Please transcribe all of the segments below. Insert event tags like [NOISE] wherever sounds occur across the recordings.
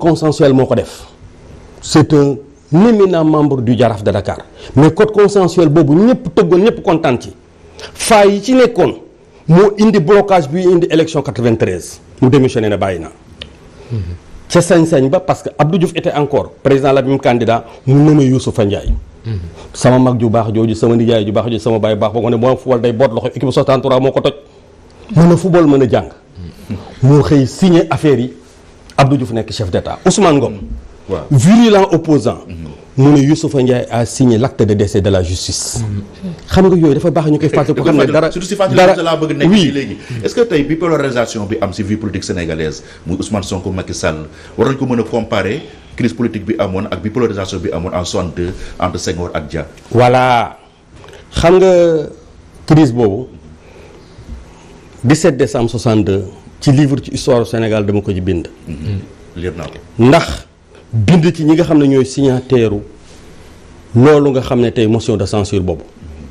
consensuel moo ko def c'est un éminent membre du Jaraaf de Dakar mais code consensuel boobu ñëpp tëggoon ñëpp kontaan ci faa yi ci nekkoon moo indi blocage bi indi élection 93 mu démissionné na bàyyi naa. ca sañ-sañ ba parce que Abdou Diouf était encore président la même candidat mu nommé Youssoufa Ndiaye. sama mag ju baax jooju sama nijaay ju baax jooju sama baay baax boo ko ne moo football day boot loxo équipe 63 moo ko toj. mën a football mën a jàng. yi. Abdou Diouf nekk chef d'État Ousmane Ngom. waaw virulent opposant mu ne Youssoufa Ndiaye a signé l'acte de décès de la justice. xam nga yooyu dafa baax ñu koy fàttali ko xam ne dara surtout si fàttali laa bëgg nekk ci léegi. est-ce que tey bi polarisation bi am si vie politique sénégalaise muy Ousmane Sonko Macky Sall war nañu ko mën a comparer crise politique bi amoon ak bi polarisation bi amoon en 62 entre Senghor ak Dia. voilà xam nga crise boobu 17 décembre 62. ci livre ci histoire Sénégal dama ko ci bind. Mm-hmm. liir naa ndax bind ci ñi nga xam ne ñooy signataire loolu nga xam ne tey motion de censure boobu.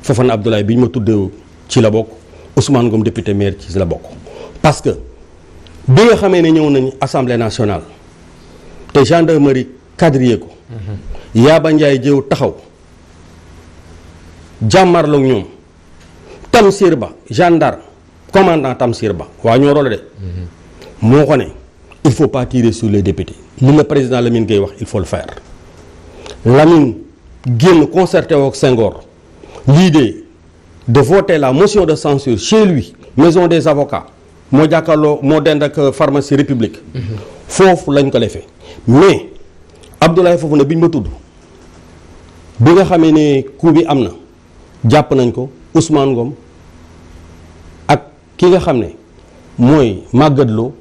Fofana Abdoulaye bi ñu ma tuddee ci la bokk Ousmane Ngom député maire ci la bokk parce que bi nga xamee ne ñëw nañu assemblée nationale te gendarmerie quadrillé ko. Mm-hmm. Yaaba Ndiaye jëw taxaw jàmmarloog ñoom Tamsir Ba gendarme. commandant Tamsir Ba waa Nioro la de moo ko ne il faut pas tirer les députés li la président Lamine Gueye wax il faut le faire Lamine génn concerté wook Senghor l'idée de voter la motion de censure chez lui maison des avocats moo jàkkaarloo moo dend ak euh, pharmacie république foofu lañ ko defee mais Abdoulaye foofu na bi ñu ma tudd bi nga xamee ne coup bi am na jàpp nañ ko Ousmane Ngom ki nga xam ne mooy Magatte ak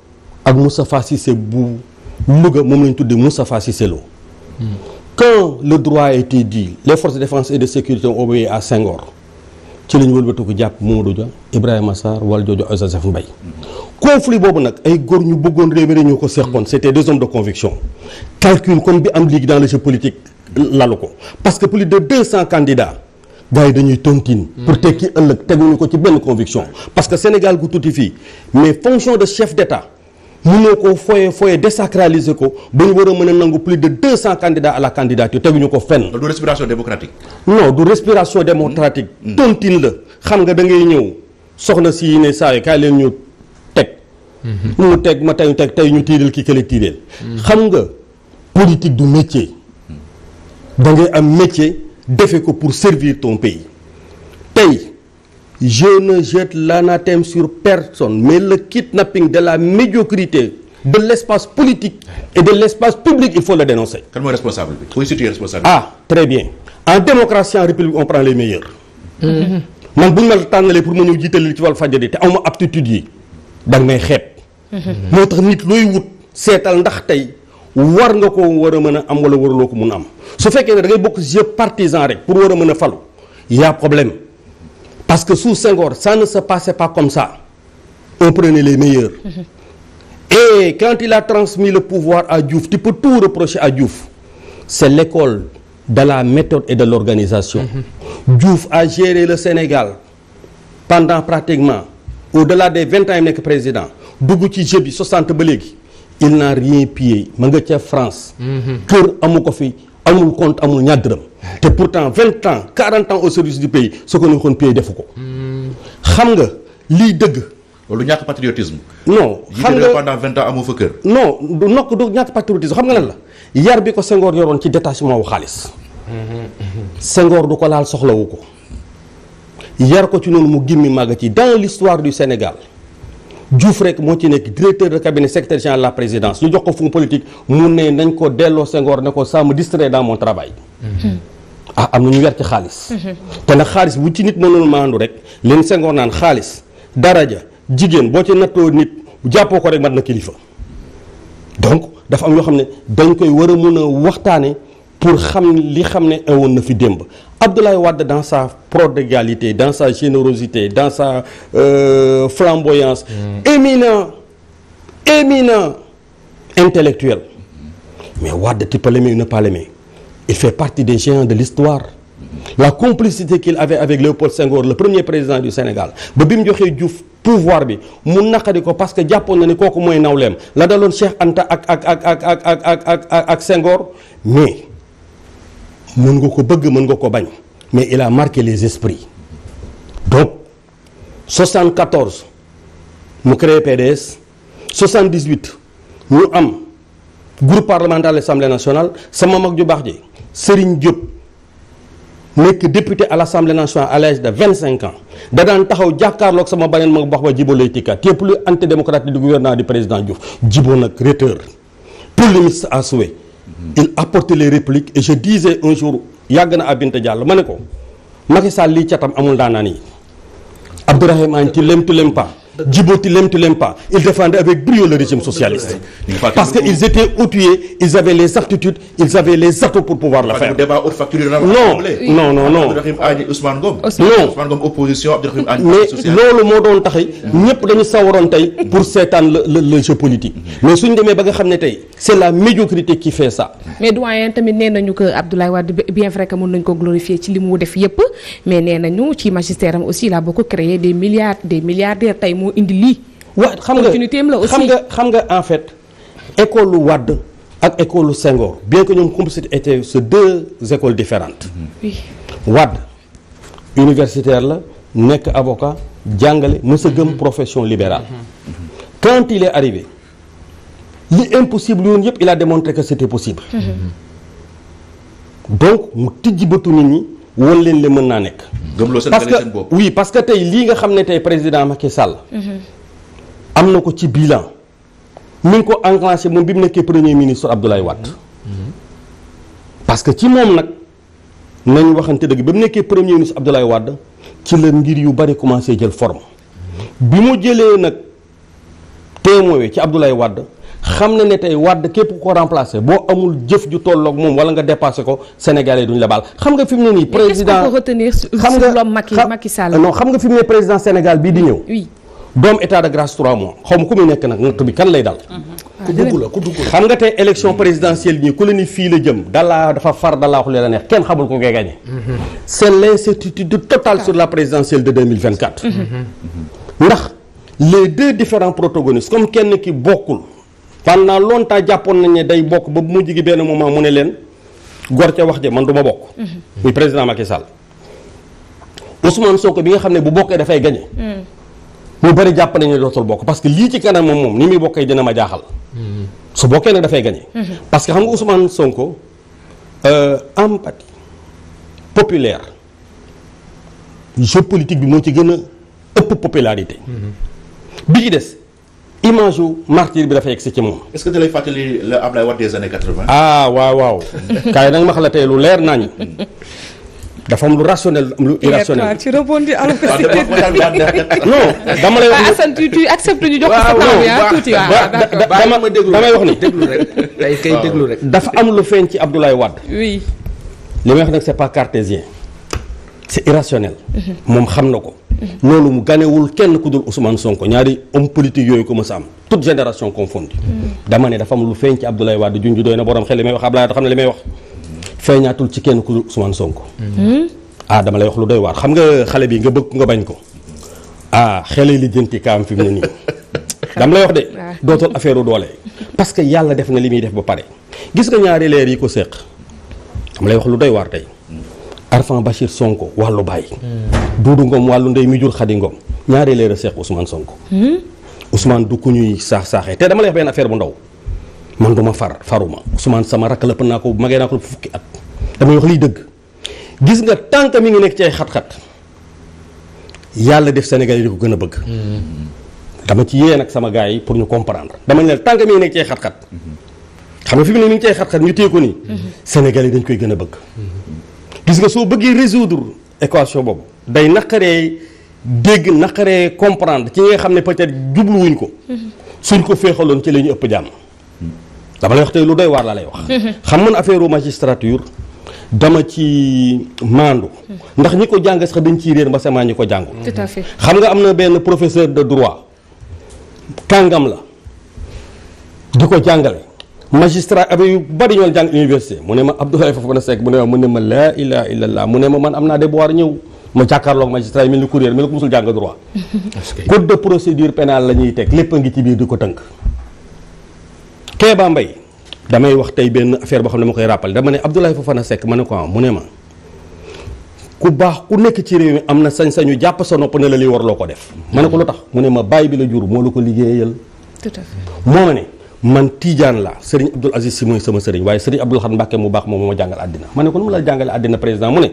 ak Moustapha Cissé bu Louga moom lañ tuddee Moustapha Cissé Lô quand le droit a été dit les forces de défense et de sécurité ont obéi à Senghor ci la ñu wëlbatiku jàpp Mamadou Dia Ibrahima Sarr wala Jojo Joseph Mbaye conflit boobu nag ay góor ñu bëggoon réew mi ñu ko seqoon c'était des hommes de conviction calcul comme bi am léegi dans le jeu politique lalu ko parce que plus de 200 candidats gars yi dañuy tontin pour mm. tekki ëllëg teguñu ko ci benn conviction parce que Sénégal gu tuuti fii mais fonction de chef d'État mënoo ko foye foye désacraliser ko ba ñu war a mën a nangu plus de deux cent candidats à la candidature teguñu ko fenn. du respiration démocratique. non du respiration démocratique. Mm. Mm. tontine la xam nga da ngay ñëw soxna si ne saa yi kaay leen ñu teg. Mm-hmm. ñu teg ma teg tey ñu tiiril ki kële tiiril. xam nga politique du métier. da ngay am métier. defe ko pour servir ton pays tey je la jette l'anathème sur personne mais le kidnapping de la médiocrité de l'espace politique et de l'espace public il faut le dénoncer. kan mooy responsable bi mooy situé responsable ah très bien en démocratie en république on prend les meilleurs. Mm-hmm. man bu ñu ma tànnalee pour ma ñëw jiitalil ci Walfadjri te aw ma aptitude yi da nga may xeeb. Mm-hmm. moo tax nit looy wut seetal ndax tey. war nga ko war a mën a am wala waraloo ko mun a am su fekkee ne da ngay bokk jeu partisan rek pour war a mën a falu y a problème parce que sous Senghor ça ne se passait pas comme ça on prenait les meilleurs [LAUGHS] et quand il a transmis le pouvoir à Diouf tu peux tout reprocher à Diouf c'est l'école de la méthode et de l'organisation mhm. Diouf a géré le Sénégal pendant pratiquement au-delà des vingt ans yi nekk président dugg ci jeu bi 60 ba léegi il n'a rien pillé ma nga ca France. Mhm. kër amu ko fi amul compte amul ñaar dërëm. te pourtant vingt ans quarante ans au service du pays soo ko nekkoon pillé defu ko. Mhm. xam nga lii dëgg. lu ñàkk patriotisme. non xam nga pendant vingt ans amoo fa kër. non du nokk du ñàkk patriotisme xam nga lan la yar bi ko sengoor yoroon ci détachement wu xaalis. Mhm. Senghor du ko laal soxlawu ko. yar ko ci noonu mu gimmi màgg ci dans l'histoire du Sénégal. Diouf rek moo ci nekk directeur de cabinet secrétaire général de la présidence ñu jox ko fonds politique mu ne nañ ko delloo Senghor ne ko ça distrait dans mon travail. Mm-hmm. ah am na ñu weer ci xaalis. Mm-hmm. te nag xaalis bu ci nit mënoon maandu rek leen Senghor naan xaalis daraja jigéen boo ci nattoo nit jàppoo ko rek mat na kilifa donc dafa am yoo xam ne dañ koy war a mun a waxtaane pour xam li xam ne ewoon na fi démb Abdoulaye Wade dans sa prodigalité dans sa générosité dans sa euh, flamboyance mmh. éminent éminent intellectuel mais Wade tu peux l'aimer ou ne pas l'aimer il fait partie des géants de l'histoire la complicité qu'il avait avec Léopold Senghor la premier président du Sénégal ba bi mu joxee Diouf pouvoir bi mu naqadi ko parce que jàppoon na ni kooku mooy nawleem la daloon Cheikh Anta ak ak ak ak ak ak ak ak Senghor mais mën nga ko bëgg mën nga ko bañ mais il a marqué les esprits donc 74 mu créé PDS 78 ñu am groupe parlementaire à l'Assemblée nationale sama mag ju baax ji Serigne Diop nekk député à l'Assemblée nationale à l'âge de 25 ans da daan taxaw jàkkaarloog sama beneen mag wax ba Djibo Leyti Ka tu es plus antidémocrate du gouvernement du président Diouf Djibo nag rhéteur polémiste à souhait Mm-hmm. il apportait les répliques et je disais un jour yàgg na Abinta Diallo ma ne ko Macky Sall lii catam amul daanaan yi Abdourahim Agne ci lem tu lem pas Djibouti l'aime, tu l'aimes pas avec brio le régime socialiste parce que ils étaient outillés ils avaient les aptitudes ils avaient les atouts pour pouvoir le faire non non non non Ousmane Ngom Ousmane Ngom opposition Abdourahim mais loolu moo doon tax ñëpp dañu sawaroon tey pour seetaan le le jeu politique mhm. mais suñ demee ba nga xam ne tey c'est la médiocrité qui fait ça mais doyen tamit nee nañu que Abdoulaye Wade bien vrai que mën nañ ko glorifier ci li mu def yëpp a moo indi lii. wa xam nga xam nga xam nga en fait école lu Wade ak école lu Senghor bien que ñoom complicité étaient ce deux écoles différentes. Mm-hmm. oui Wade universitaire la nekk avocat jàngale mës a gëm profession libérale. Mm-hmm. quand il est arrivé li impossible yoon yëpp il a démontré que c'était possible. Mm-hmm. donc mu tijji bëtu nit ñi. won leen leen mën naa nekk. gëmloo seen seen bopp oui parce que tey lii nga xam ne tey président Macky Sall. am na ko ci bilan. mi ngi ko enclenché moom bi mu nekkee premier ministre Abdoulaye Wade. parce que ci moom nag nañ waxante dëgg ba mu nekkee premier ministre Abdoulaye Wade ci la ngir yu bari commencé jël forme bi mu jëlee nag témoin ci Abdoulaye Wade. xam na ne tey Wade képp ko remplacer boo amul jëf ju tolloog moom wala nga dépassé ko sénégalais duñ la baal xam nga fi ne nii. président Sénégal bii di ñëw. oui état de grâce 3 mois mm-hmm. xam nga tey élection présidentielle ñi ku la ni fii la jëm dalaa dafa far dalaa xule la neex kenn xamul ko ngay gagné. c' est l' sur la présidentielle de 2024. Mm-hmm. ndax les deux différents protagonistes comme kenn ki bokkul. pendant longtemps jàppoon nañ ne day bokk ba mujj gi benn moment mu ne leen gor ca wax ja man du bokk. Mhm. muy président Macky Sall. Ousmane Sonko bi nga xam ne bu bokkee dafay gañe mhm. ñu bëri jàpp nañu ne dootul bokk parce que lii ci kanam moom ni muy bokkee dina ma jaaxal. Mhm. su bokkee nag dafay gañe parce que xam nga Ousmane Sonko euh, empathie populaire jeu bi moo ci gën a ëpp popularité. bi ci des. image u martyr bi dafa egsi ci moom. da lay la Ablaye Wade des années 80. ah waaw waaw kaay nag ma xala tey lu leer nañ dafa am lu rationnel am lu irrationnel. tu dama lay wax. Ah, ñu jox ko sa temps yaa ah, tuuti dama damay wax ni déglu rek tey dafa am lu feeñ ci Abdoulaye Wade. oui. li may wax nag c'est pas cartésien c'est irrationnel. Mhm. moom xam na ko. loolu mu ganewul kenn ku dul Ousmane Sonko ñaari homme politique yooyu ko ma a am toute génération confondue mm. dama ne dafa am lu feeñ ci Abdoulaye Wade junj doy na borom xel li may wax Abdoulaye xam ne li ci kenn ku dul Sonko mm. ah dama lay wax lu doy waar xam nga xale bi nga bëgg nga bañ ko ah xale li jënti kaam fi mu ne nii [LAUGHS] dama lay wax de dootul affaire u doole parce que yàlla def nga li muy def ba pare gis nga ñaari leer yi ko séq dam lay wax lu doy waar tey Arfan Bachir Sonko wàllu baay. Hmm. Duudu Ngom wàllu ndey mi jur Xadi Ngom ñaari leer a seex Ousmane Sonko. Hmm? Ousmane du ku ñuy saax saaxee te dama lay wax benn affaire bu ndaw man du ma far faruma Ousmane sama rakk la naa ko magee naa ko fukki at damay wax liy dëgg gis nga tànk mi ngi nekk ci ay xat-xat yàlla def Sénégal yi di ko gën a bëgg. Hmm. dama ci yee nag sama gars yi pour ñu comprendre dama ne tànk mi ngi nekk ci xat-xat xam nga fi mu ne mi ngi ci ay ko nii. a bëgg. gis nga soo bëggee résoudre équation boobu day naqaree dégg naqaree comprendre ci nga xam ne peut-être jubluwuñ ko mm-hmm. suñ ko féexaloon ci la ñu ëpp jàmm dama lay wax lu doy waar la lay wax mm-hmm. xam man affaire magistrature dama ci maandu mm-hmm. ndax ñi ko jàng sax dañ ci réer mba sama ñi ko jàngul tout à xam nga am na benn professeur de droit kàngam la di ko jàngale magistrat abe yu bari ñoo jàng université mu ne ma Abdoulaye Fofana Seck mu ne ma mu ne ma laa ilaha illallah mu ne ma man am naa devoir ñëw ma jàkkaarloog magistrat yi mel ni courrier mel ni ko musul jàng droit code de procédure la ñuy teg lépp ngi ci biir di ko tënk Kéba Mbaye damay wax tey benn affaire boo xam ne ma koy rappelé dama ne Abdoulaye Fofana Seck ma ne ko ah, mu ne ma ku baax ku nekk ci réew mi am na sañ-sañu jàpp sa nopp ne la li warloo ko def ma ne ko lu tax mu ne ma bàyyi bi la jur moo la ko liggéeyal tout moo ma ne man tiijaan la Serigne Abdoul Aziz si mooy sama Serigne waaye Serigne Abdoul Khadim Mbacké mu baax moom moo ma jàngal àddina ma ne ko nu mu la jàngale àddina président mu ne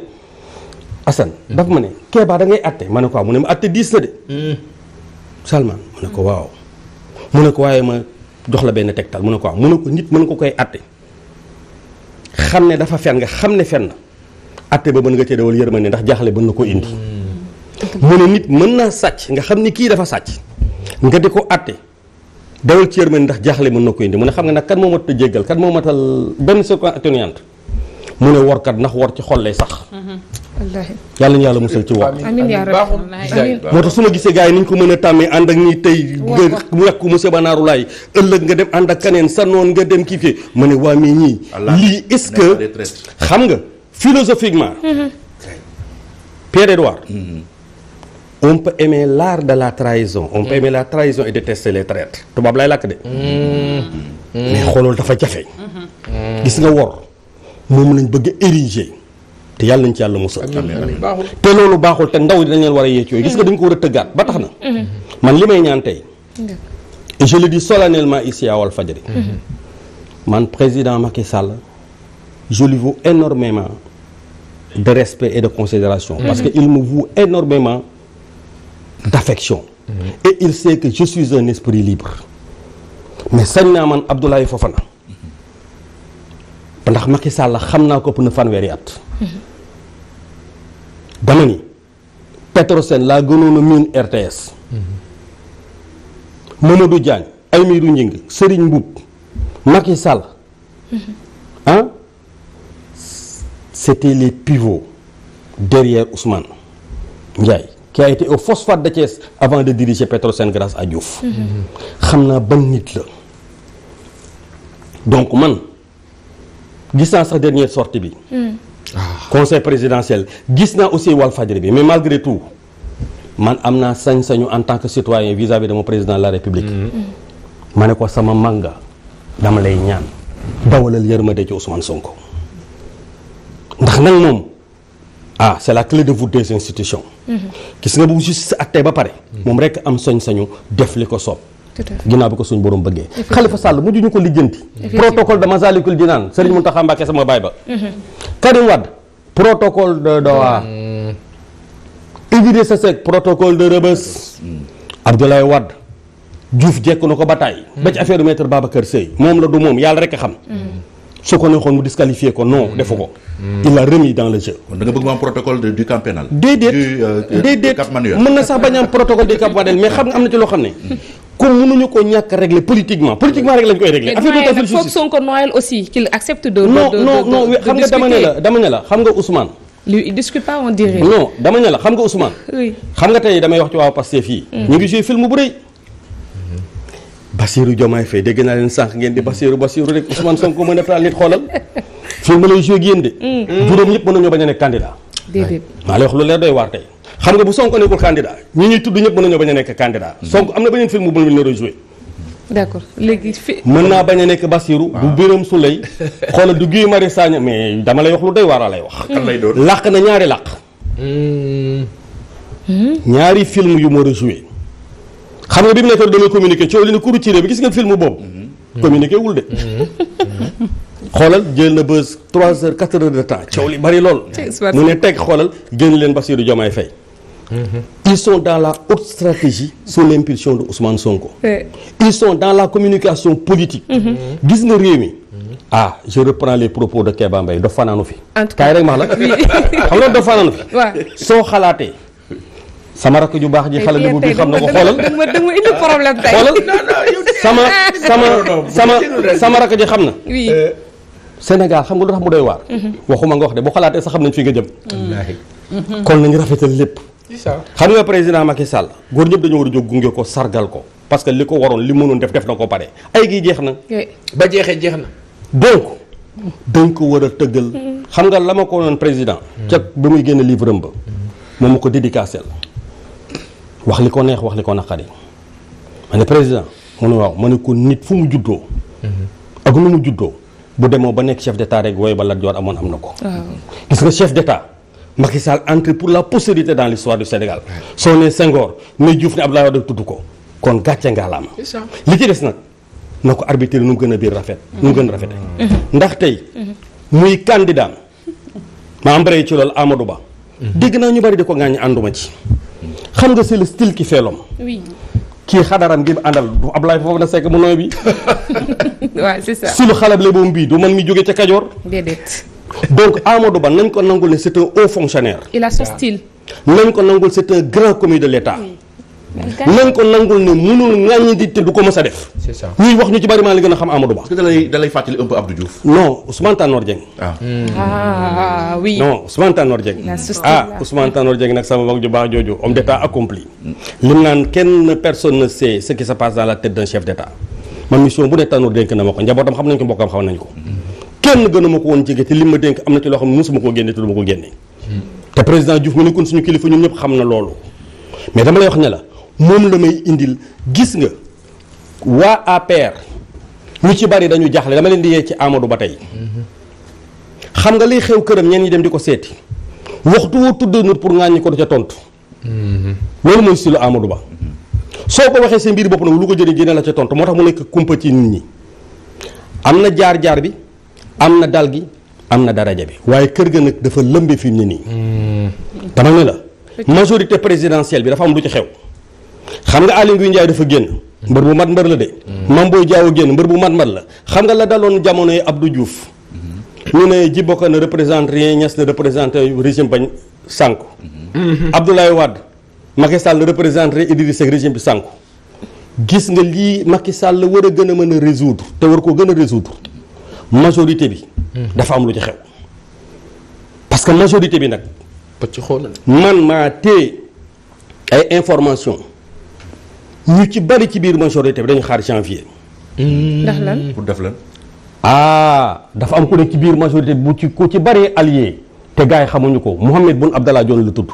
Assane dafa ma ne Kéba dangay ngay atte ma ne ko waaw mu ne ma atte diis ne ko waaw mu ne ko waaye ma jox la benn tegtal mu ne ko waaw mu ko nit mën ko koy atte xam ne dafa fen nga xam ne fen na atte ba mën nga cee dawal yërmande ndax jaaxle mën na ko indi mm. mu ne nit mën naa sàcc nga xam ne kii dafa sàcc nga di ko atte dawal ci yërmande ndax jaaxle mën na ko indi mu ne xam nga nag kan moo a jéggal kan moo matal benn circonstance atténuante mu ne wor kat ndax wor ci xol lay sax. wallaahi yàlla ñu yàlla musal ci wor. amiin yaa rabbi moo tax su ma gisee gars yi ni ñu ko mën a tàmmee ànd ak ñi tey. nga wekk monsieur Banaaru laay ëllëg nga dem ànd ak kaneen sa noon nga dem kii fii ma ne waa mii ñii. lii est-ce que xam nga philosophiquement. Mhm. Pierre Edouard. Mhm. on peut aimer l'art de la trahison on peut mm. la trahison et détester les traîtres tubaab lay làkk de mm. Mm. mais xoolool dafa jafe mm-hmm. gis nga wor moom lañ bëgg a te yàlla nañ ci yàlla musal te loolu baaxul te ndaw yi dañ leen war a yee ci yooyu gis nga dañ ko war a tëggaat ba tax na mm-hmm. man li may ñaan tey mm-hmm. et je le dis solennellement ici à man président Macky Sall je lui énormément de respect et de considération parce que il me énormément d'affection mmh. et il sait que je suis esprit libre mais sañ naa man Abdoulaye Fofana ndax Macky Sall xam naa ko ëpp na fanweeri at dama ni Petrosen laa gënoon miin RTS Mamadou Diagne Aymérou Gningue Serigne Mboup Macky Sall ah c'était les pivots derrière Ousmane Ndiaye qui a été au phosphate de Thiès avant de diriger Petrosen grâce à Diouf. Mhm. xam naa ba nit la. donc man gis naa sax dernière sortie bi. Mhm. Ah. conseil présidentiel gis naa aussi Walfadjri bi mais malgré tout man am naa sañ-sañu en tant que citoyen vis-à-vis de président de la république. Mhm. ma ne ko sama manga dama lay ñaan dawalal yërmande ci Ousmane Sonko ndax nag moom. ah c'est la clé de voûte des institutions. Mm-hmm. gis nga bu justice acté ba pare. Mm-hmm. moom rek am sañ-sañu def li ko soob. ginnaaw bi ko suñ borom bëggee. Khalifa Sall mujj ñu ko lijjanti. protocole de Masalikul Jinaan Serigne mm-hmm. Mountakha Mbacké sama baay ba. Karim Wade protocole de Doha. Idrissa Seck protocole de Rebeuss. Abdoulaye Wade. Diouf jekk na ko ba tàyyi. ba ci affaire maître Babacar Sèye moom la du moom yàlla rek a xam. su ko neexoon mu disqualifié ko non defu ko. Mm. il remis dans le jeu. kon bëgg mu am protocole du camp pénal. déedéet euh, euh, mën na sax bañ am protocole camp pénal mais xam nga am na ci loo xam ne. comme [LAUGHS] mënuñu ko ñàkk régler politiquement politiquement rek lañ koy régler. affaire bi dafa foog xam nga dama ne la xam nga Ousmane. lui dama ne la xam nga Ousmane. xam nga tey damay wax ci waa Pastef fii. Mm. ñu ngi joué film bu rëy. Bassirou Diomaye Faye dégg naa leen sànq ngeen di Bassirou Bassirou rek Ousmane Sonko mën a taal nit xoolal fii ma lay joué ak yéen de. Mm. juróom ñëpp mënuñoo bañ a nekk candidat. déedéet maa lay wax lu leer doy waar tey. xam nga bu Sonko nekkul candidat ñi ñuy tudd ñëpp mënuñoo a nekk candidat. Mm. Sonko am na beneen film bu mu leen di mën naa bañ a nekk Bassirou. du Birame Souleye xoolal du Guy Marius Sagna mais dama lay wax lu doy waar lay wax. Mm. kan lay doon làq na ñaari làq. ñaari film yu ma rejoué xam nga bi mu nekkoon damay communiqué coow li communiqué wul de xoolal jël na bës 3 heures 4 heures de temps coow li bari lool mu ne teg xoolal génn leen Bassirou Diomaye Faye mhm. ils sont dans la haute stratégie sous l'impulsion de son Sonko ils sont dans la communication politique mhm. gis nga réew mi ah je reprends les propos de Kéba Mbaye dof fanaanu fi kaay rek max la [LAUGHS] xam nga dof fanaanu fi soo xalaatee sama rakk ju baax ji xale libu bi xam na ko xoolal xoolal sama ah, sama sama sama rakk ji xam na euh, Sénégal xam nga lu tax mu doy waar mhm. waxuma nga wax de boo xalaatee sa xam nañ fi nga jëm mhm. kon nañu rafetal lépp xam nga président Macky Sall góor ñëpp dañoo war a jóg gunge ko sargal ko parce que li ko waroon li mënoon def def na ko pare ay gi jeex na ba jeexee jeex na donc mhm. dañ ko war a tëggal xam nga la ma ko noon président ca ba muy génn livre am ba moom ma ko dédicacé la wax li ko neex wax li ko naqari ma ne président mu ne waaw ma ne ko nit fu mu juddoo ak nu mu juddoo bu demoo ba nekk chef d'état rek wooyu ba Lat amoon am na ko gis nga chef d'état Macky Sall entré pour la postérité dans l'histoire du Sénégal soo ne Senghor ne Diouf ne Abdoulaye Wade tudd ko kon gàcce ngaalaam li ci des nag na ko arbitre nu mu gën a biir rafet nu gën a rafete ndax tey muy candidat ma am bare ci loolu Amadou Ba mm-hmm. dégg naa ñu bari di ko ŋaañu ànduma ci xam nga c'est le style qui fait kii xadaram gi àndal du Ablaye foofu na sekk mu nooy bi waaw [LAUGHS] c'est ça si lu xalab le boobu bii du man mi jóge ca Kajoor déedéet donc Amadou Ba nañ ko nangul ne c'est un haut fonctionnaire il a son style nañ ko nangul c'est un grand commis de l'État nañ ko nangul ne mënul ŋàññi nit te du ko mës a def. c'est wax ñu ci bari maa la gën a xam Amadou Ba. est-ce que da lay da lay fàttali un peu Abdou Diouf. non Ousmane Tanor Dieng. ah ah, ah nag sama mag ju baax jooju homme d'état accompli. lim naan kenn personne ne sait ce qui se passe dans la tête chef d'état man mission bu ne Tanor dénk na ma ko njabootam xam nañ ko mbokkam xam nañ ko. kenn gënu ma ko woon jege te lim ma dénk am na ci loo xam ne mosuma koo génne te du ma ko génne. te président Diouf mu kilifa ñun ñëpp xam na loolu mais dama lay wax ne la moom la may indil gis nga waa APR ñu ci bari dañu jaxle dama leen di yee ci amadu ba tey xam nga liy xew këram ñeen ñi dem di ko seeti waxtu woo tuddee nit pour ŋàññi ko du ca tontu. loolu mooy lu Amadou Ba soo ko waxee seen mbir bopp nag lu ko jëriñ génne la ca tontu moo tax mu nekk kumpa ci nit ñi am na jaar jaar bi am na dal gi am na daraja bi waaye kër ga nag dafa lëmbe fii mu ne nii. Mm. dama ne la majorité présidentielle bi dafa am lu ci xew. xam nga Aly Ngouille Ndiaye dafa génn mbër bu mat mbër la de mm-hmm. Mame Boye Diao génn mbër bu mat mbër la xam nga la daloon jamono yi Abdou Diouf mm-hmm. ñu ne ji bokk na représente rien ñes na représenté régime bañ sànku mm-hmm. Abdoulaye Wade Macky Sall représente Idrissa Seck régime bi sànku gis nga lii Macky Sall war a gën a mën a résoudre te war koo gën a résoudre majorité bi dafa am lu ci xew parce que majorité bi nag man maa téye ay information ñu ci bari ci biir majorité bi dañu xaar janvier. ndax lan pour def lan. ah dafa am ku ne ci biir majorité bu ci ku ci bari allié te gars yi xamuñu ko Mohamed Boun Abdallah Dionne la tudd.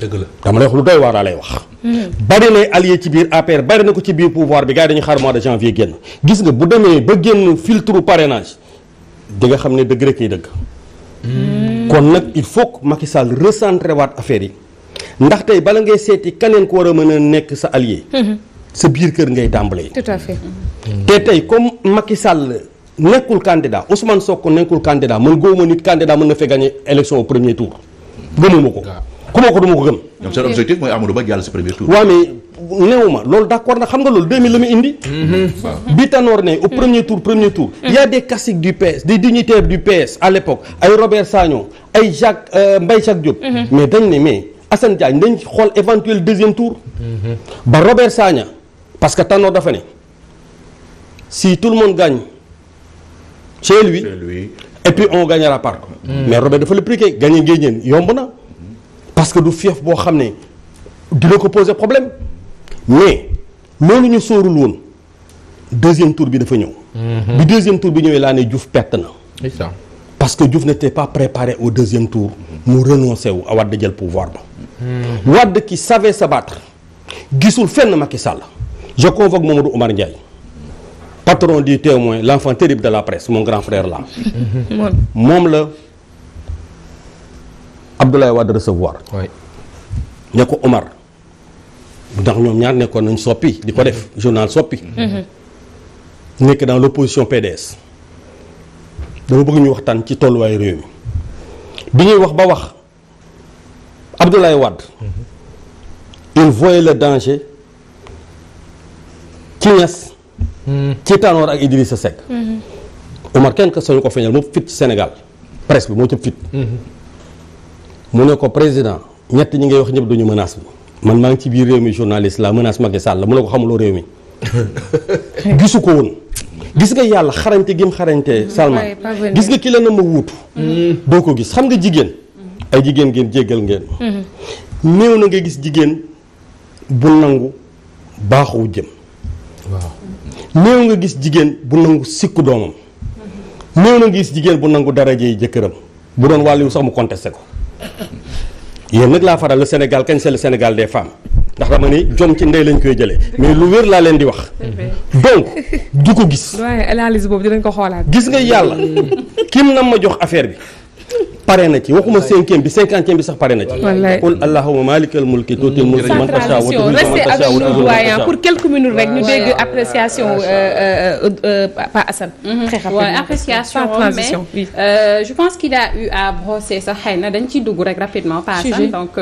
dëgg la dama lay wax lu doy waar lay wax. bari nay allié ci biir APR bari na ko ci biir pouvoir bi gars yi dañu xaar mois de janvier génn gis nga bu demee ba génn filtre parenage di nga xam ne dëgg rek kay dëgg. Hmm. kon nag il faut que Macky Sall recentré waat affaire yi. ndax bala ngay seeti kaneen ko war a mën a nekk sa allié. Mhm. sa biir kër ngay tàmbalee. tout à te tey comme Macky Sall nekkul candidat Ousmane Sonko nekkul candidat man góobu ma nit candidat mën na fee gagné élection au premier tour gëmuma ko. ku ma ko duma ko gëm. ñoom Ba jàll si premier tour. waaw mais néew ma loolu d' accord na xam nga loolu mi la mu indi. Mhm. bi Tanor ne au premier tour premier tour. Mhm. il y a des classiques du PS des dignitaires du PS à l' ay Robert Sagnon ay Jacques euh, Mbaye Jacques Diop. Assane Diagne dañ xool éventuel deuxième tour. Mm-hmm. ba Robert Sagna parce que Tanor dafa ne si tout le monde gagne chez lui. et puis on gagnera par mm-hmm. mais Robert dafa la priqué gagné yomb na. parce que du fief boo xam ne dina ko poser problème mais loolu ñu sóorul woon deuxième tour bi dafa ñëw. Mm-hmm. bi deuxième tour bi ñëwee laa ne Diouf perte na. parce que Diouf n'était pas préparé au deuxième tour. mu renoncé wu Wade jël pouvoir ba. Hmm. Wade ki savait se battre gisul fenn Macky Sall je convoque Mamadou Oumar Ndiaye patron du témoin l' enfant de la presse mon grand frère là. moom la Abdoulaye Wade recevoir. ne ko Omar ndax ñoom ñaar nekkoon nañ soppi di ko def hmm. journal soppi. Hmm. nekk dans l' opposition PDS. dama bëgg ñu waxtaan ci tolluwaayu réew mi. bi ñuy wax ba wax Abdoulaye Wade il voyait le danger ci Niass ci Tanor ak sa Seck Omar kenn ka sañu ko feeñal moo fit ci Sénégal presse bi moo cëp mu ne ko président ñett ñi ngay wax ñëpp duñu menace bi man maa ngi ci biir réew mi journaliste la menace Macky Sall la mu ne ko xamuloo réew mi [LAUGHS] gisu ko woon gis nga yàlla xarañte gim xarañte mm. Salman gis nga ki la na ma wuutu mm. doo ko gis xam nga jigéen mm. ay jigéen ngeen jéggal ngeen mm-hmm. néew na nga gis jigéen bu nangu baaxu jëm nga gis jigéen bu nangu sikku doomam mm-hmm. néew na nga gis jigéen bu nangu daraje yi jëkkëram bu doon wàllu sax mu contesté ko [LAUGHS] yéen nag laa faral le Sénégal kañ c'est le Sénégal des femmes ndax dama ni jom ci ndey lañ koy jëlee mais lu wér laa leen di wax. donc du ko gis. waaye analyse boobu dinañ ko xoolaat. gis nga yàlla mm. kim na ma jox affaire bi. pare na ci waxuma cinquième bi cinquantième bi sax pare na ci. wallaay qul allahumma maalikal mulki tuutil mulka man tashaa wa tudillu man tashaa wa tuzillu man pour quelques minutes rek ñu dégg appréciation euh, euh, euh, Pa Assane. Mhm. appréciation mais je pense qu'il a eu à brosser sax xëy na dañ ciy dugg rek rapidement Pa Assane donc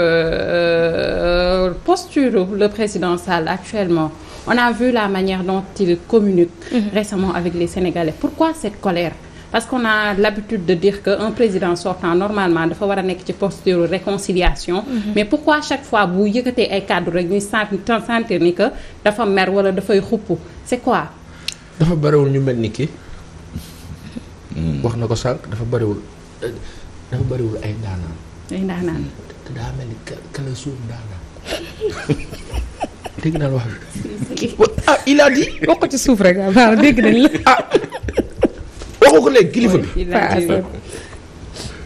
posture président Sall actuellement. on a vu la manière dont il communique. Mhm. récemment avec les Sénégalais pourquoi cette colère. parce qu'on a l'habitude de dire que un président sortant normalement dafa war a nekk ci posture réconciliation mhm. mais pourquoi chaque fois bu yëkkatee ay kàddu rek ñuy sentir ni que dafa mer wala dafay xupp c'est quoi dafa bariwul ñu mel ni ki hmm. wax na ko sànq dafa bariwul euh, dafa bariwul ay ndaanaan ay ndaanaan te daa mel ni kala suuf ndaanaan dégg naa wax ah il a dit wax ko ci suuf rek baal dégg nañ la ah. waxu ko léegi kilifa bi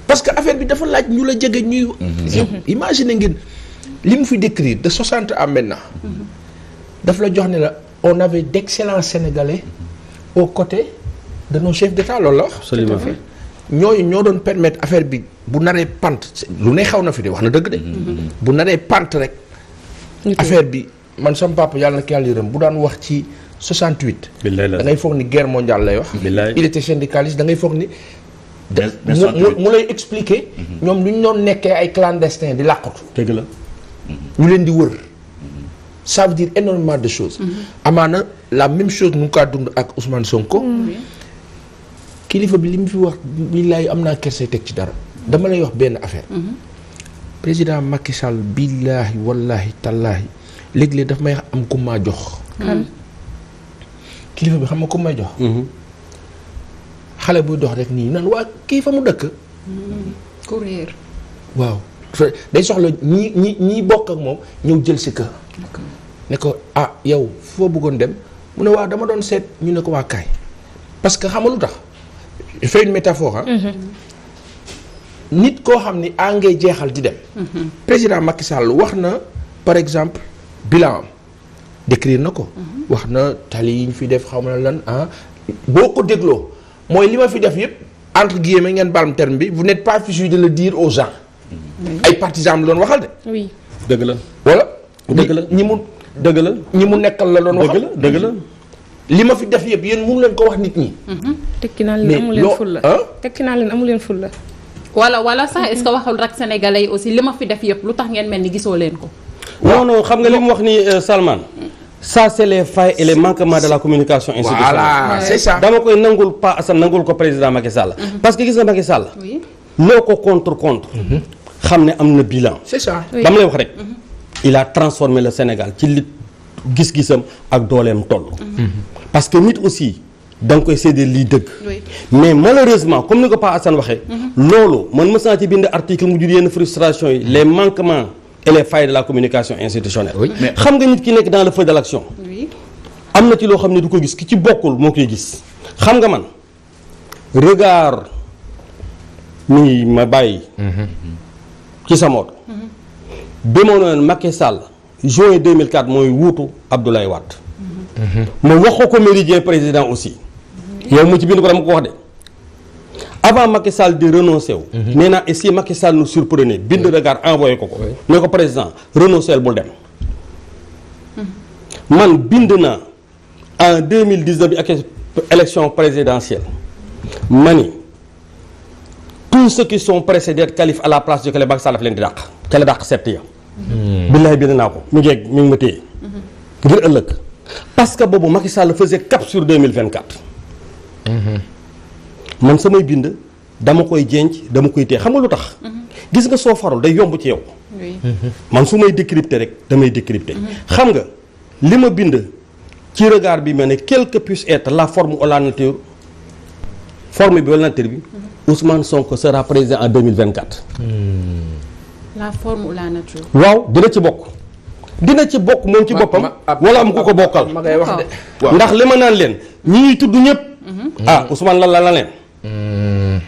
parce que affaire bi dafa laaj ñu la jege ñuy mhm. imagine ngeen li mu fi décrire de 60 à maintenant mhm. daf la jox ne la on avait d'excellents sénégalais aux côtés de nos chef d'état loolu la wax absolument ñoo doon permettre affaire bi bu naree pant lu ne xaw na fi de wax na dëgg de mhm. bu naree pante rek affaire bi man sama papa yàlla na ko yàlla yërëm bu daan wax ci 68. billaay la da ngay foog ni guerre mondiale lay wax. billaay il était syndicaliste da ngay foog ni. mu lay expliquer. Mhm. ñoom lu ñu doon nekkee ay clandestin di làqatu. dëgg la. ñu leen di wër. ça veut dire énormément de choses. Mhm. amaana la même chose nu ngi kaa dund ak Ousmane Sonko. Mhm. kilifa bi li mu fi wax billaay am naa kersay teg ci dara. dama lay wax benn affaire. président Macky Sall billaahi wallaahi tallaahi léeg-léeg daf may am ku jox. kilifa bi xam nga ko may jox. Mm-hmm. xale buy dox rek nii naan waa kii fa mu dëkk. courrier. waaw day soxla ñi ñi ñi bokk ak moom ñëw jël si kër. ne ko ah yow foo bëggoon dem mu ne waaw dama doon seet ñu ne ko waa kaay parce que xam nga lu tax. je fais mm-hmm. nit koo xam ne aa ngay jeexal di dem. Mm-hmm. président Macky wax na par exemple bilan décrire na ko. wax na tali yi ñu fi def xaw ma lan ah boo ko dégloo mooy li ma fi def yëpp entre guillemets ngeen baal ma terme bi bu n'êtes pas fichu de la diir au gens. ay partisans la doon waxal de. oui dëgg la. voilà dëgg la ñi mu dëgg la ñi mu nekkal la doon waxal dëgg li ma fi def yëpp yéen mënu leen ko wax nit ñi. Mhm. Ah. tekki naa leen amu leen fulla tekki naa leen amu leen la wala wala sax est-ce que waxul rek sénégalais yi aussi li ma fi def yëpp lu tax ngeen mel ni gisoo leen ko. non wax ni euh, Salman. Mm. ça c'est les failles et les manquements de la communication institutionnelle voilà dama koy nangul Pa Assane nangul ko président Macky Sall mhm. parce que gis nga Macky Sall loo ko contre contre mhm. xam ne am na bilan c'est dama lay wax rek mhm. il a transformé le Sénégal ci li gis-gisam ak dooleem toll parce que nit aussi da nga koy séddee lii dëgg mais malheureusement comme ni ko Pa Assane waxee loolu man mës naa ci bind article mu jur yenn frustration yi les manquements et les failles de la communication institutionnelle. xam nga nit ki nekk dans le feu de l'action. am na ci loo xam ne du ko gis ki ci bokkul moo koy gis xam nga man regard mi ngi ma bàyyi. Mhm. ci sama moto. bi ma mhm. noonu Macky Sall juin 2004 mooy wuutu Abdoulaye Wade. Mhm. ma wax ko méridien président aussi. yow mu ci bind ko dama ko wax de. avant Macky Sall di renoncer wu. Mhm. nee naa si Macky Sall nous bind regard envoyé ko ko. ne ko président renoncer bul dem. man bind na en deux mille dix neuf bi ak élection présidentielle ma ni tous ceux qui sont à la place de Kelle Macky Sall daf leen di dàq. Kelle dàq sept ya. Hmm. billaay bind naa ko mu jeeg ma téye. Mhm. ngir ëllëg parce que boobu Macky Sall faisait cap sur deux mille vingt quatre. Mhm. man samay bind dama koy jenc dama koy téye xam nga lu tax. Mhm. gis nga soo farul day yomb ci yow. [LAUGHS] man su may décrypter rek damay décrypter. Mhm. xam nga li ma bind ci regard bi ma ne quelque que puisse la forme ou la nature forme bi wala nature bi mhm. Ousmane Sonko sera président en 2024. Hmm. la forme ou la nature. waaw dina ci bokk. dina ci bokk moom ci boppam. wala am ku ko bokkal. ma ndax li ma naan leen ñi tudd ñëpp. ah Ousmane la la leen. Hmm.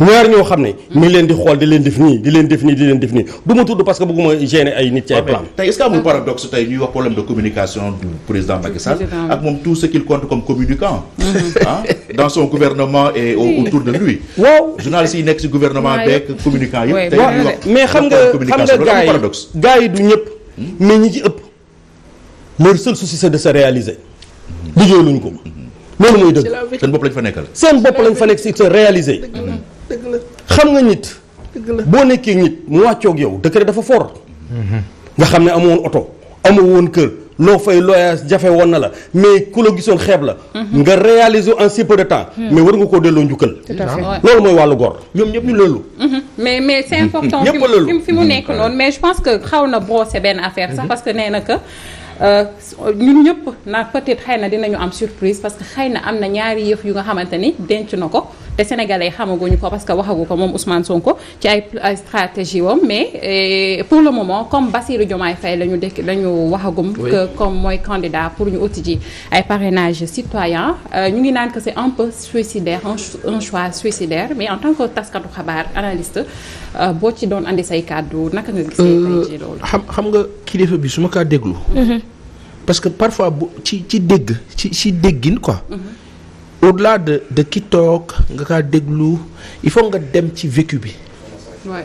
ñaar ñoo xam ne. mi ngi leen di xool di leen def nii di leen def nii di leen def nii du ma tudd parce que bëgguma gêner ay nit ci ay plan. tey est-ce que amul paradoxe tey ñuy wax problème de communication du président Macky Sall. ak moom tout ce qu'il compte comme communicant. Mm-hmm. Ah, dans son gouvernement et autour de lui. waaw journaliste yi nekk ci gouvernement beeg communicant yëpp. tey ñuy wax mais xam nga xam nga gars yi du ñëpp. Hmm? mais ñi ci ëpp. leur seul souci c'est de se réaliser. Hmm. liggéey ko. loolu mooy dëgg seen bopp lañ fa nekkal. seen bopp lañ fa nekk si te réalisé. xam nga nit. boo nekkee nit mu wàccoog yow dëkk dafa fort. nga xam ne amoon oto amoo woon kër loo fay looyaas jafe woon na la mais ku la gisoon xeeb la. Mhm. nga réaliser en si peu de temps. Mhm. mais war nga koo delloo njukkal. loolu mooy wàllu ñoom ñëpp ñu loolu. Mhm. mais mais c'est [LAUGHS] important. ñëpp loolu fi mu nekk noonu mais je pense que xaw na brosser benn affaire sax parce que nee na que. Euh, ñun ñëpp na peut-être xëy na dinañu am surprise parce que xëy na am na ñaari yëf yu nga xamante ni denc na ko te sénégalais xamaguñu ko parce que waxagu ko moom Ousmane Sonko ci ay ay stratégie wam mais eh, pour le moment comme Bassirou Diomaye Faye lañu dékk dëkk la waxagum que comme mooy candidat pour ñu uti ji ay parrainage citoyen euh, ñu ngi naan que c'est un peu suicidaire un choix suicidaire mais en tant que taskatu xabaar analyste euh, boo ci doon indi say kàddu naka nga gisee euh, tey ci loolu xam xam nga kilifa bi su ma kaa déglu mhm. parce que parfois bu ci ci dégg ci ci déggin ko au-delà de de ki toog nga kaa déglu il faut nga dem ci vécu bi. waay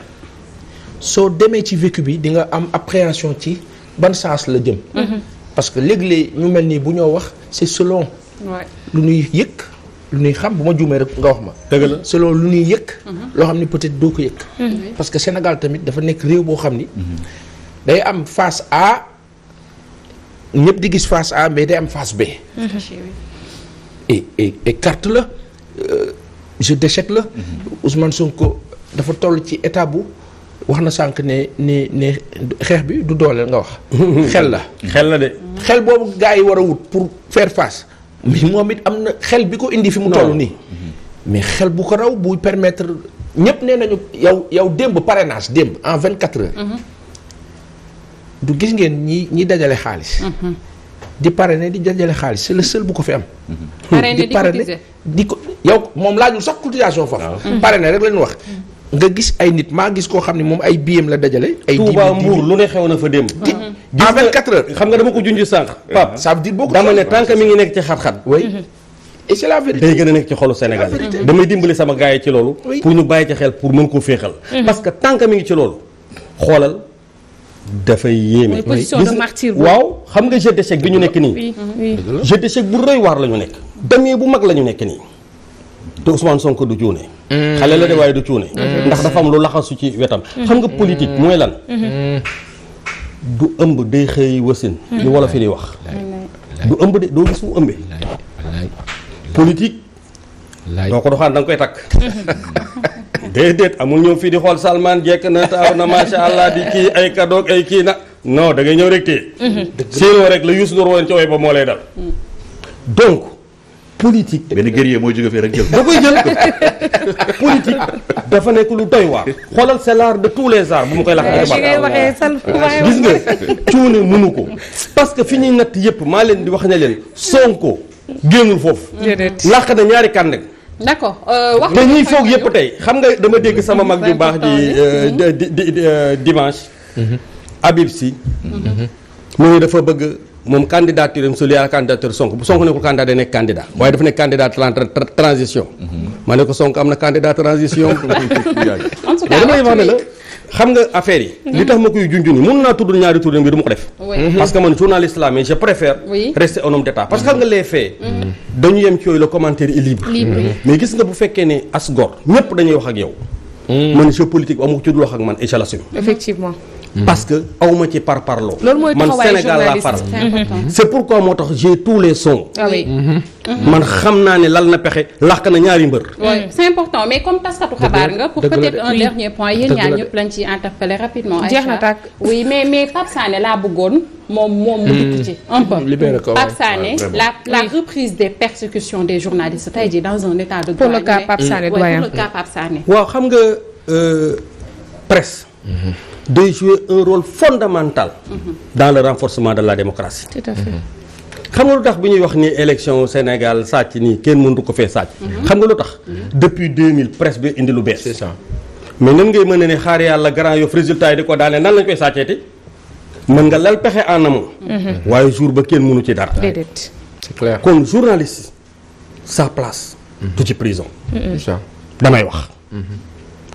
soo demee ci vécu bi di nga am appréhension ci ban sens la jëm. Mhm. parce que léeg-léeg ñu mel nii bu ñoo wax c'est selon. lu nuy yëg lu ñuy xam bu ma juumee rek nga wax ma. dëgg lu ñuy yëg. Mhm. loo xam ni peut-être doo ko yëg. Mhm. parce que Sénégal tamit dafa nekk réew boo xam ni. day am face A ñëpp di gis face A mais day am face B. et et écarte la euh, je déchète la. Mhm. Ousmane Sonko dafa toll ci état bu wax na sànq ne ne ne xeex bi du dooleel nga wax. [LAUGHS] xel la xel la de. xel boobu gars yi war a pour faire face mhm. moom it am na xel bi ko indi fi mu toll nii. Mhm. mais xel bu ko raw permettre ñëpp nee nañu yow yow démb parrainage démb en vingt quatre gis ngeen ñi dajale xaalis. di parrainer di dajale xaalis c'est le seul bu ko fi am. Mm-hmm. di parrainer di ko yow moom laajul sax cotisation faf mm-hmm. parrainer rek la ñu wax. Mm-hmm. nga gis ay nit maa gis koo xam ne moom ay biyam la dajale. ay diim Touba Mbour lu ne na fa dem. xam nga dama ko junj sànq. Uh-huh. Pape ça veut dire boo ko mi ngi nekk ci xat-xat. et c'est la vérité day gën a nekk ci xolu Sénégal damay dimbali sama gars yi ci loolu. pour ñu bàyyi ci xel pour mën koo féexal. parce que tant que ngi ci loolu xoolal. dafay yéeme. mooy position de martyr waaw xam nga jeu d'échec bi ñu nekk nii. jeu d'échec bu rëy waar la nekk. demee bu mag la ñu nekk nii. te Ousmane sonk du cuune. Mm. xale la de waaye du cuune. Mm. ndax dafa am lu laxasu ci wetam. Mm. xam nga politique mooy lan. Mm-hmm. du ëmb day xëy wasin. li wolof yi di wax. du ëmb de doo gis mu ëmbee. politique. doo ko doxaan da nga koy takk. [LAUGHS] Mm-hmm. [LAUGHS] déedéet amul ñëw fii di xool Salman jekk na taaw na macha allah di kii ay kadoog ay kii na non da ngay ñëw rek téye mm-hmm. séenoo rek la Youssou Ndour woon ca way dal mm. donc politique benn guerrier mooy jóge fii rek jël da koy jël politique dafa nekk lu doy waar xoolal c'est de tous les arts bu ma koy lax ah, gis nga ko parce que fi ñuy natt yëpp maa leen di wax ne leen Sonko génnul foofu làq na ñaari kànd d'accord euh, wax foog yëpp tey xam nga dama dégg sama mag ju baax di euh, di euh, dimanche. Mhm. Habib Sy. Mhm. mu ne dafa bëgg moom candidature am su lié à la candidature Sonko bu Sonko nekkul candidat day nekk candidat mhm. waaye dafa nekk candidat transition. ma ne ko Sonko am na candidat transition. en tout wax ne la. xam nga affaire yi. Mhm. li tax ma koy junj nii mun naa tudd ñaari tur bi du ma ko def. Mhm. Mhm. parce que man journaliste laa mais je préfère. Oui. rester un homme xam nga les faits. dañu yem ci yooyu commentaire est libre. mais gis nga bu fekkee ne as gor ñëpp dañuy wax ak yow. man jeu politique ba mu ci dul wax ak man et je Mhm. parce que awma ci par parloo man mooy laa faral mhm. c'est pourquoi moo tax j'ai tous les sons ah mhm. man xam naa ne lal na pexe làq na ñaari mbër c'est important mais comme taskatu xabaar nga pour peut-être un dernier point yéen ñaar ñëpp lañ ci interpeller rapidement jeex na tàkk mais mais Pape laa bëggoon moom moom mu dikk ci hmm. un peu la la reprise des persécutions des journalistes tey jii dans un état de pour le pour le cas Pape Sané xam nga euh, de jouer un rôle fondamental dans le renforcement de la démocratie tout à fait xam nga lu tax bi ñuy wax ni élection Sénégal sàcc nii kenn mënut ko fee sàcc xam nga lu tax depuis mille presse bi indi lu bees c'est ça nan ngay mën a ne xaar yàlla Grand Yoff résultat di ko daanee nan lañ koy sàcceeti mën nga lal pexe en amont mhm. waaye jour ba kenn mënu ci dara déedéet c'est clair kon journaliste sa place du ci prison damay wax mhm.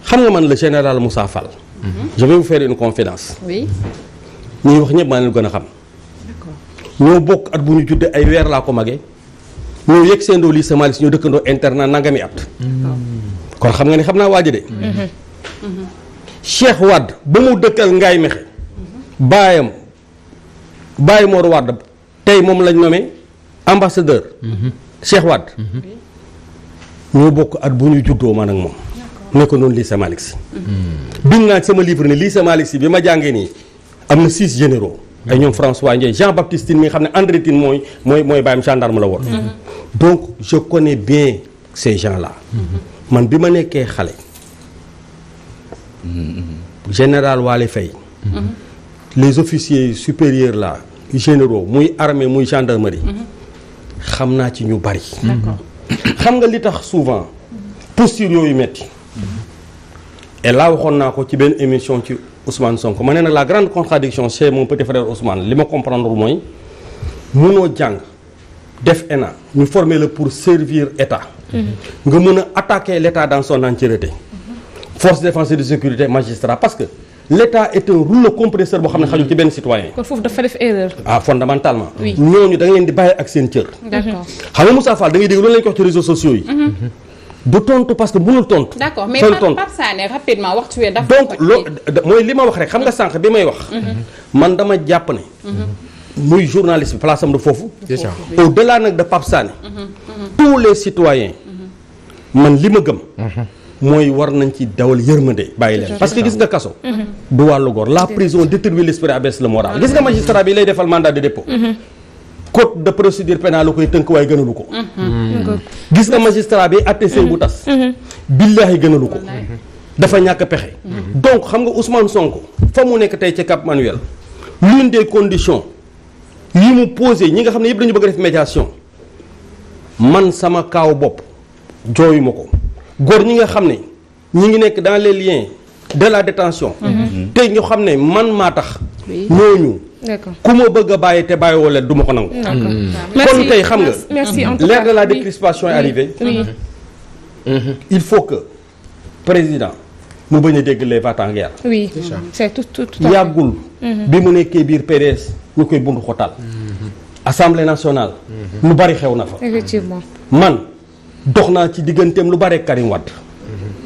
xam nga man la général Moussa fal Mhm. je vais vous faire une confidence. ñuy wax ñëpp maa leen gën a xam. ñoo bokk at bu ñu juddee ay weer laa ko magee ñoo yegg seen dool yi sama si ñoo dëkkandoo internat nangami at. kon xam nga ni xam naa waaj de. Mhm. Mhm. Cheikh Wade ba mu dëkkal Ngaye Mexe. baayam Baye Mor Wade tey moom lañ nommé ambassadeur. Cheikh Wade. ñoo bokk at bu ñu juddoo man ak moom. ne ko noonu lycée Malick Sy bind naa sama livre ne lycée Malick Sy bi ma jàngee nii am na six généro ay ñoom François Ndiaye Jean Baptiste Tine mi xam ne André Tine mooy mooy mooy bàyyam gendarme la woon donc je connais bien ces gens là man bi ma nekkee xale général Waly fay les officiers supérieurs la généraux muy armée muy gendarmerie xam naa ci ñu bari xam nga li tax souvent posture yooyu metti et là waxoon naa ko ci benn émission ci Ousmane Sonko ma ne nag la grande contradiction chez mon petit frère Ousmane li ma comprendre mooy mënoo jàng def ENA ñu former la pour servir état. Mhm. nga mën a attaquer l' état dans son entièreté. Mhm. force de défense et de sécurité magistrat parce que l' état est un rouleau boo xam ne xajul ci benn citoyen. foofu dafa def erreur. ah fondamentalement. ñooñu da leen di bàyyi ak seen cër. d' accord xam nga Moussa Fall da dégg loolu la ko wax du tontu parce que mënul tontu. d'accord mais Pape Sané rapidement waxtu wee dafa donc loo mooy li ma wax rek xam nga sànq bi may wax. Mhm. Mhm. man dama jàpp ne. Mhm. muy journaliste bi du foofu. au delà nag de Pape Sané. tous les citoyens. man li ma gëm. mooy war nañ ci dawal yërmande bàyyi leen parce que gis nga kaso du wàllu góor la prison détruit l'esprit abaisse le moral gis nga magistrat bi lay defal mandat de dépôt code de procédure pénale koy tënk waaye gënalu ko gis nga magistrat bi atte seen bu tas mm-hmm. Mm-hmm. billaahi gënalu ko dafa ñàkk pexe mm-hmm. donc xam nga Ousmane Sonko fa mu nekk tey ci Cap Manuel l'une des condition yi mu pose ñi nga xam ne yëpp dañu bëgg a def médiation man sama kaaw bopp jooyu ko góor ñi nga xam ne ñi ngi nekk dans les lien de la détention ñu xam ne man maa tax ñooñu ku ma bëgg a bàyyi te bàyyiwoo leen du ko nangu. Mm. kon tey xam nga l'ère de la décrispation est arrivée. Mm-hmm. il faut que président mu bañ a dégg les va yàggul. Mm-hmm. bi mu nekkee biir PDS ñu koy bundu xotaal. Mm-hmm. nationale. lu bari xew na fa. effectivement man dox naa ci digganteem lu bari Karim Wade.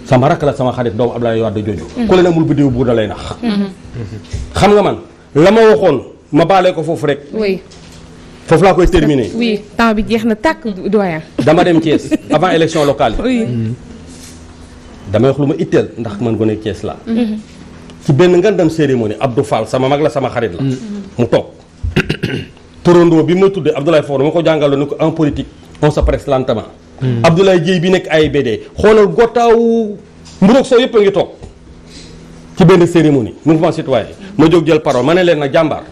sama rakk la sama xarit doomu Abdoulaye Wade jooju. ku leen amul buur lay nax. xam nga man. la ma waxoon ma baale ko foofu rek. oui. foofu laa koy termine oui temps bi jeex na tàkk doyen. dama dem Thiès avant élection locale yi. Mm-hmm. damay wax lu ma itteel ndax man gone Thiès laa. Mm-hmm. ci benn ngandam cérémonie Abdou Fall sama mag la sama xarit la. Mm-hmm. mu toog [COUGHS] torondoo bi ma tuddee Abdoulaye Faure ma ko jàngaloon ni ko en politique on se presse lentement. Abdoulaye Dieye bi nekk AIBD xoolal gottaawu mburoog soo yëpp a ngi toog. ci benn cérémonie mouvement citoyen ma jóg jël parole ma leen nag jàmbaar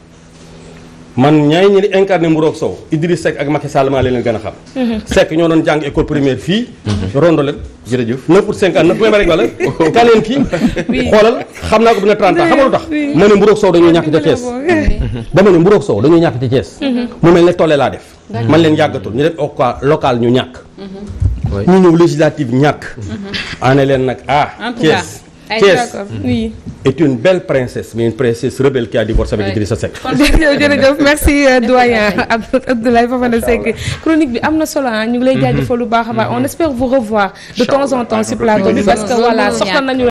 man ñaay ñi di incarné Mburoog Sow Idriss Seck ak Macky Sall maa leen gën a xam. Mhm. Seck ñoo doon jàng école primaire fii. rondo leen jërëjëf 9 pour 59 may ma rek kaleen [LAUGHS] kii. xoolal xam naa ko bu ne 30 ans xam nga lu tax. ma ne Mburoog Sow dañoo ñàkk ca Thiès. dama ne Mburoog Sow dañoo ñàkk ca Thiès. Mhm. mu mel ne tolle laa def. man leen yàggatul ñu def au cas ñu ñàkk. Mhm. ñu ñëw législative leen nag ah Thiès. ay mhm. est une belle princesse mais une princesse rebelle qui a divorcé avec Idrissa Seck. [LAUGHS] kon jërëjëf euh, merci doyen Abdoulaye [LAUGHS] Fofana Seck chronique bi am na solo ah, ñu ngi lay mhm. jaajëfal lu baax a baax mhm. on espère vous revoir de temps en temps ah, sur plateau bi parce que voilà soxla nañu.